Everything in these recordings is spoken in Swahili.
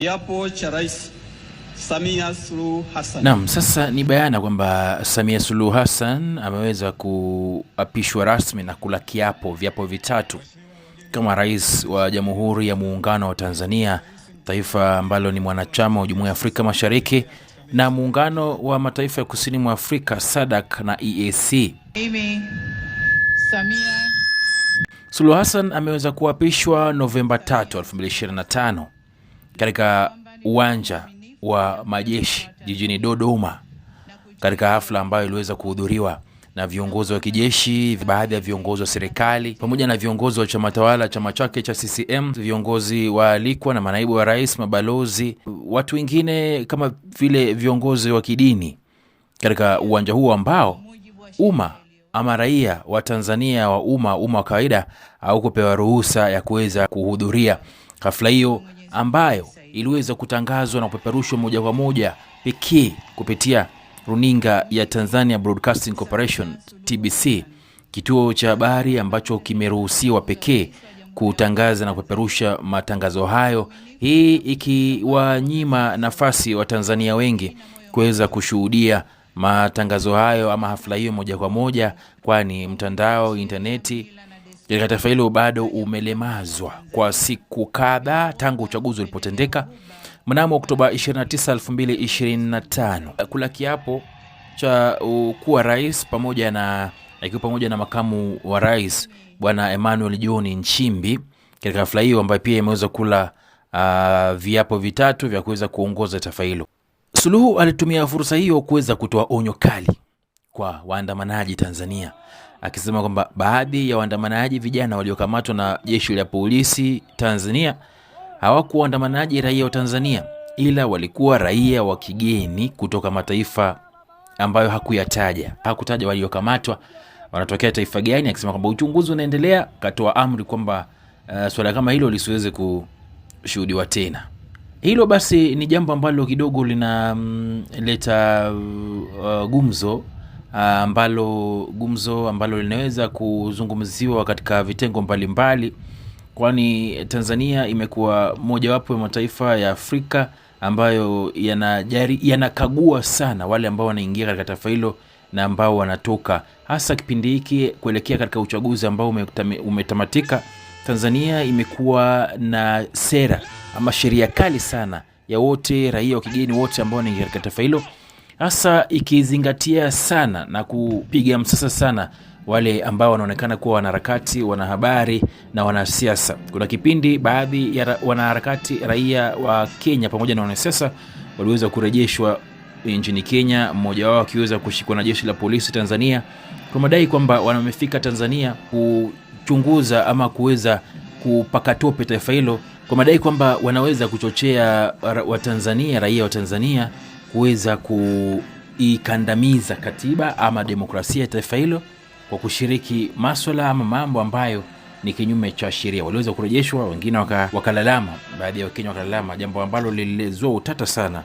Kiapo cha Rais Samia Suluhu Hassan. Naam, sasa ni bayana kwamba Samia Suluhu Hassan ameweza kuapishwa rasmi na kula kiapo viapo vitatu kama rais wa Jamhuri ya Muungano wa Tanzania, taifa ambalo ni mwanachama wa Jumuiya ya Afrika Mashariki na Muungano wa Mataifa ya Kusini mwa Afrika SADC na EAC. Mimi Samia Suluhu Hassan ameweza kuapishwa Novemba 3, 2025 katika uwanja wa majeshi jijini Dodoma katika hafla ambayo iliweza kuhudhuriwa na viongozi wa kijeshi, baadhi ya viongozi wa serikali pamoja na viongozi wa chama tawala, chama chake cha CCM, viongozi waalikwa na manaibu wa rais, mabalozi, watu wengine kama vile viongozi wa kidini katika uwanja huo ambao umma ama raia wa Tanzania wa umma, umma wa kawaida aukupewa ruhusa ya kuweza kuhudhuria hafla hiyo ambayo iliweza kutangazwa na kupeperushwa moja kwa moja pekee kupitia runinga ya Tanzania Broadcasting Corporation TBC, kituo cha habari ambacho kimeruhusiwa pekee kutangaza na kupeperusha matangazo hayo, hii ikiwanyima nafasi Watanzania wengi kuweza kushuhudia matangazo hayo ama hafla hiyo moja kwa moja, kwani mtandao, intaneti katika taifa hilo bado umelemazwa kwa siku kadhaa tangu uchaguzi ulipotendeka mnamo Oktoba 29, 2025. Kula kiapo cha kuwa rais pamoja na akiwa pamoja na makamu wa rais Bwana Emmanuel John Nchimbi katika hafla hiyo ambayo pia imeweza kula uh, viapo vitatu vya kuweza kuongoza taifa hilo. Suluhu alitumia fursa hiyo kuweza kutoa onyo kali kwa waandamanaji Tanzania akisema kwamba baadhi ya waandamanaji vijana waliokamatwa na jeshi la polisi Tanzania hawakuwa waandamanaji raia wa Tanzania, ila walikuwa raia wa kigeni kutoka mataifa ambayo hakuyataja. Hakutaja waliokamatwa wanatokea taifa gani, akisema kwamba uchunguzi unaendelea. Katoa amri kwamba uh, eh, swala kama hilo lisiweze kushuhudiwa tena. Hilo basi ni jambo ambalo kidogo linaleta mm, um, uh, gumzo Ah, ambalo gumzo ambalo linaweza kuzungumziwa katika vitengo mbalimbali, kwani Tanzania imekuwa mojawapo ya mataifa ya Afrika ambayo yanakagua yanakagua sana wale ambao wanaingia katika taifa hilo na ambao wanatoka, hasa kipindi hiki kuelekea katika uchaguzi ambao umetamatika. Tanzania imekuwa na sera ama sheria kali sana ya wote raia wa kigeni wote ambao wanaingia katika taifa hilo hasa ikizingatia sana na kupiga msasa sana wale ambao wanaonekana kuwa wanaharakati, wanahabari na wanasiasa. Kuna kipindi baadhi ya ra wanaharakati raia wa Kenya pamoja na wanasiasa waliweza kurejeshwa nchini Kenya, mmoja wao akiweza kushikwa na jeshi la polisi Tanzania kwa madai kwamba wamefika Tanzania kuchunguza ama kuweza kupakatope taifa hilo kwa madai kwamba wanaweza kuchochea Watanzania, raia wa Tanzania kuweza kuikandamiza katiba ama demokrasia ya taifa hilo kwa kushiriki maswala ama mambo ambayo ni kinyume cha sheria. Waliweza kurejeshwa, wengine wakalalama, baadhi ya Wakenya wakalalama, jambo ambalo lilizua utata sana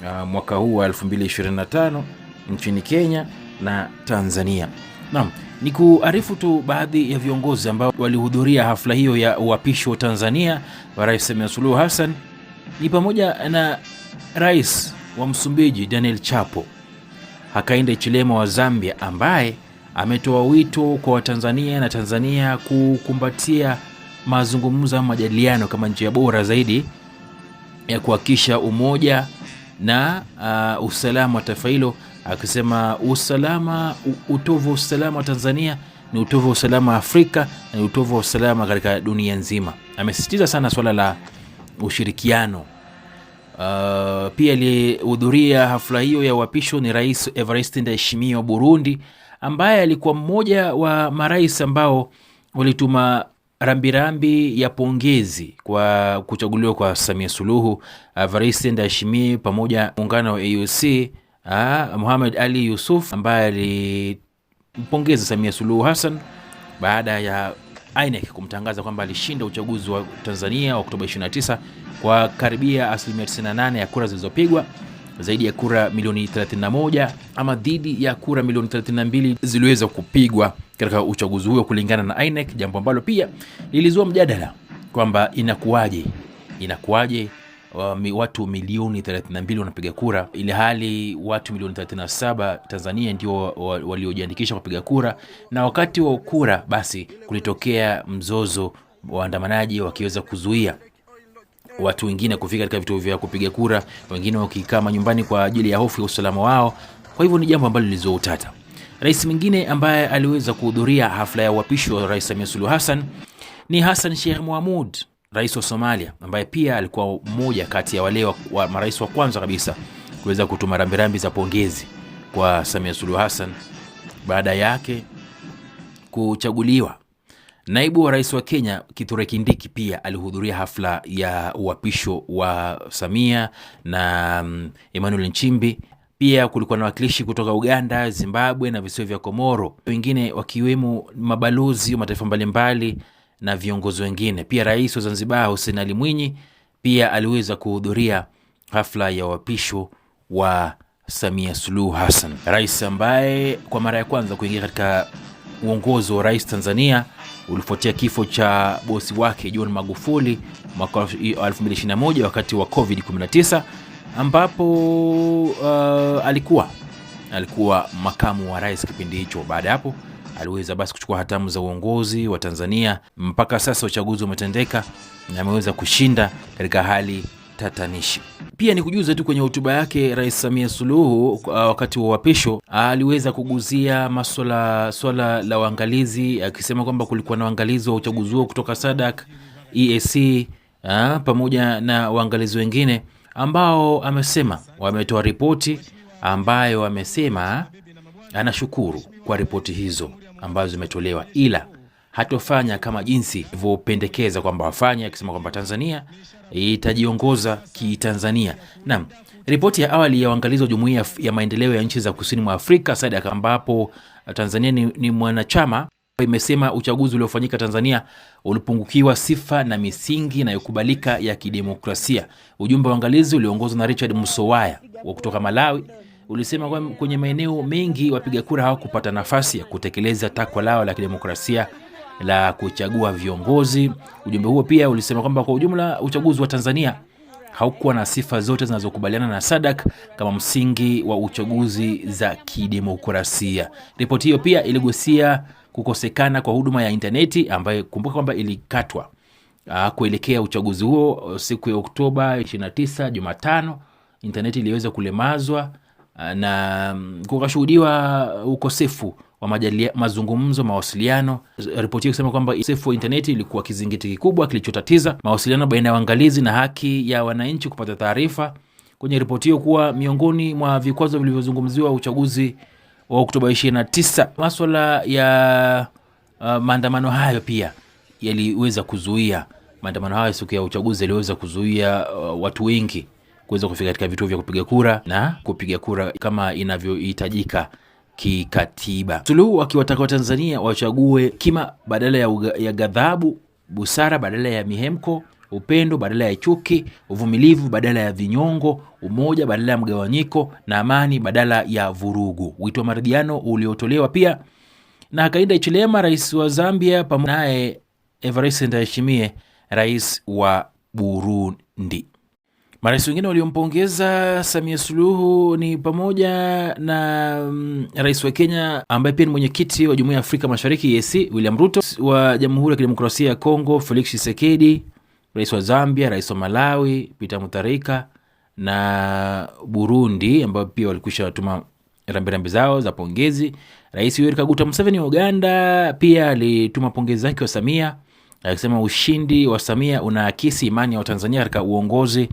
uh, mwaka huu wa 225 nchini Kenya na Tanzania. nam ni kuarifu tu baadhi ya viongozi ambao walihudhuria hafla hiyo ya uhapishi wa Tanzania wa Rais Samia Suluhu Hassan ni pamoja na Rais wa Msumbiji Daniel Chapo, Hakainde Chilema wa Zambia ambaye ametoa wito kwa Watanzania na Tanzania kukumbatia mazungumzo ama majadiliano kama njia bora zaidi ya kuhakikisha umoja na uh, usalama wa taifa hilo, akisema usalama, utovu wa usalama wa Tanzania ni utovu wa usalama wa Afrika na ni utovu wa usalama katika dunia nzima. Amesisitiza sana swala la ushirikiano. Uh, pia alihudhuria hafla hiyo ya uapisho ni Rais Evariste Ndayishimiye wa Burundi ambaye alikuwa mmoja wa marais ambao walituma rambirambi ya pongezi kwa kuchaguliwa kwa Samia Suluhu. Evariste Ndayishimiye pamoja muungano wa AUC uh, Mohamed Ali Yusuf ambaye alimpongeza Samia Suluhu Hassan baada ya INEC kumtangaza kwamba alishinda uchaguzi wa Tanzania Oktoba 29 kwa karibia asilimia 98 ya kura zilizopigwa zaidi ya kura milioni 31 ama dhidi ya kura milioni 32 ziliweza kupigwa katika uchaguzi huo kulingana na INEC, jambo ambalo pia lilizua mjadala kwamba inakuwaje, inakuwaje uh, watu milioni 32 wanapiga kura ili hali watu milioni 37 Tanzania ndio waliojiandikisha kupiga kura, na wakati wa kura basi kulitokea mzozo, waandamanaji wakiweza kuzuia watu wengine kufika katika vituo vya kupiga kura, wengine wakikaa manyumbani kwa ajili ya hofu ya usalama wao. Kwa hivyo ni jambo ambalo lilizoutata Rais mwingine ambaye aliweza kuhudhuria hafla ya uapisho wa Rais Samia Suluhu Hassan ni Hassan Sheikh Mohamud, rais wa Somalia, ambaye pia alikuwa mmoja kati ya wale wa marais wa kwanza kabisa kuweza kutuma rambirambi za pongezi kwa Samia Suluhu Hassan baada yake kuchaguliwa Naibu wa rais wa Kenya Kithure Kindiki pia alihudhuria hafla ya uapisho wa Samia na mm, Emmanuel Nchimbi. Pia kulikuwa na wakilishi kutoka Uganda, Zimbabwe na visiwa vya Komoro, wengine wakiwemo mabalozi wa mataifa mbalimbali na viongozi wengine. Pia rais wa Zanzibar Hussein Ali Mwinyi pia aliweza kuhudhuria hafla ya uapisho wa Samia Suluhu Hassan, rais ambaye kwa mara ya kwanza kuingia katika uongozi wa rais Tanzania ulifuatia kifo cha bosi wake John Magufuli mwaka 2021 wakati wa COVID-19, ambapo uh, alikuwa alikuwa makamu wa rais kipindi hicho. Baada ya hapo aliweza basi kuchukua hatamu za uongozi wa Tanzania mpaka sasa uchaguzi umetendeka na ameweza kushinda katika hali tatanishi. Pia ni kujuza tu, kwenye hotuba yake Rais Samia Suluhu uh, wakati wa uapisho aliweza kuguzia masuala swala la uangalizi akisema kwamba kulikuwa na uangalizi wa uchaguzi huo kutoka SADC, EAC uh, pamoja na uangalizi wengine ambao amesema wametoa ripoti ambayo amesema anashukuru kwa ripoti hizo ambazo zimetolewa, ila hatofanya kama jinsi ilivyopendekeza kwamba wafanye, akisema kwamba Tanzania itajiongoza kitanzania. Naam, ripoti ya awali ya uangalizi wa jumuiya ya maendeleo ya nchi za kusini mwa Afrika SADC ambapo uh, Tanzania ni, ni mwanachama imesema uchaguzi uliofanyika Tanzania ulipungukiwa sifa na misingi inayokubalika ya kidemokrasia. Ujumbe wa uangalizi ulioongozwa na Richard Musowaya wa kutoka Malawi ulisema kwenye maeneo mengi wapiga kura hawakupata nafasi ya kutekeleza takwa lao la kidemokrasia la kuchagua viongozi. Ujumbe huo pia ulisema kwamba kwa ujumla uchaguzi wa Tanzania haukuwa na sifa zote zinazokubaliana na SADC kama msingi wa uchaguzi za kidemokrasia. Ripoti hiyo pia iligusia kukosekana kwa huduma ya intaneti ambayo kumbuka kwamba ilikatwa ah, kuelekea uchaguzi huo uh, siku ya Oktoba 29 Jumatano, intaneti iliweza kulemazwa Ah, na mm, kukashuhudiwa ukosefu wa majalia, mazungumzo, mawasiliano. Ripoti hiyo kusema kwamba sefu wa intaneti ilikuwa kizingiti kikubwa kilichotatiza mawasiliano baina ya uangalizi na haki ya wananchi kupata taarifa. Kwenye ripoti hiyo kuwa miongoni mwa vikwazo vilivyozungumziwa uchaguzi wa Oktoba 29, maswala ya uh, maandamano hayo pia yaliweza kuzuia maandamano hayo siku ya uchaguzi yaliweza kuzuia uh, watu wengi kuweza kufika katika vituo vya kupiga kura na kupiga kura kama inavyohitajika kikatiba. Suluhu akiwataka Watanzania wachague kima badala ya, ya ghadhabu, busara badala ya mihemko, upendo badala ya chuki, uvumilivu badala ya vinyongo, umoja badala ya mgawanyiko, na amani badala ya vurugu. Wito wa maridhiano uliotolewa pia na Hakainde Hichilema, rais wa Zambia, pamoja naye Evariste Ndayishimiye, rais wa Burundi. Marais wengine waliompongeza Samia Suluhu ni pamoja na mm, rais wa Kenya ambaye pia ni mwenyekiti wa Jumuiya ya Afrika Mashariki EAC William Ruto, wa Jamhuri ya Kidemokrasia ya Kongo Felix Tshisekedi, rais wa Zambia, rais wa Malawi Peter Mutharika na Burundi ambao pia walikwisha watuma rambirambi zao za pongezi. Rais Yoweri Kaguta Museveni wa Uganda pia alituma pongezi zake wa Samia akisema ushindi wa Samia unaakisi imani ya Watanzania katika uongozi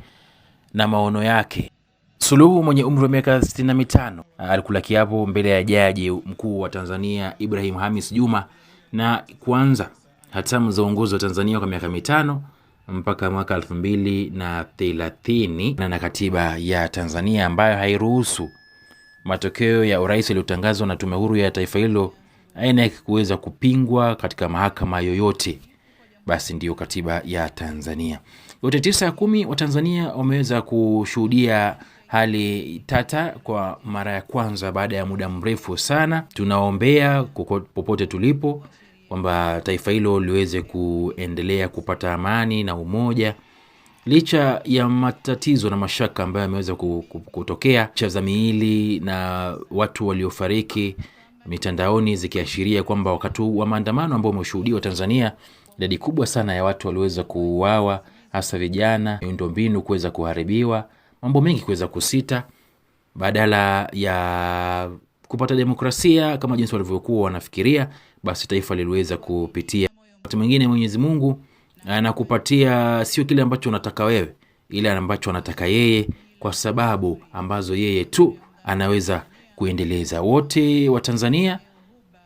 na maono yake. Suluhu mwenye umri wa miaka 65 alikula kiapo mbele ya jaji mkuu wa Tanzania Ibrahim Hamis Juma na kuanza hatamu za uongozi wa Tanzania kwa miaka mitano mpaka mwaka elfu mbili na na katiba ya Tanzania ambayo hairuhusu matokeo ya urais yaliyotangazwa na tume huru ya taifa hilo INEC kuweza kupingwa katika mahakama yoyote. Basi ndiyo katiba ya Tanzania. Yote tisa ya kumi Watanzania wameweza kushuhudia hali tata kwa mara ya kwanza baada ya muda mrefu sana. Tunaombea popote tulipo kwamba taifa hilo liweze kuendelea kupata amani na umoja licha ya matatizo na mashaka ambayo yameweza kutokea, cha za miili na watu waliofariki mitandaoni zikiashiria kwamba wakati wa maandamano ambao umeshuhudiwa Tanzania, idadi kubwa sana ya watu waliweza kuuawa hasa vijana, miundombinu kuweza kuharibiwa, mambo mengi kuweza kusita, badala ya kupata demokrasia kama jinsi walivyokuwa wanafikiria, basi taifa liliweza kupitia. Wakati mwingine Mwenyezi Mungu anakupatia sio kile ambacho unataka wewe, ile ambacho anataka yeye, kwa sababu ambazo yeye tu anaweza kuendeleza. Wote wa Tanzania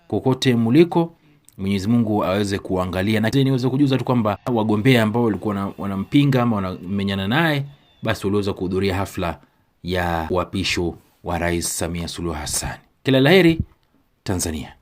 kokote muliko Mwenyezi Mungu aweze kuangalia na niweze kujuza tu kwamba wagombea ambao walikuwa wanampinga ama wanamenyana naye basi waliweza kuhudhuria hafla ya uapisho wa Rais Samia Suluhu Hassan. Kila laheri Tanzania.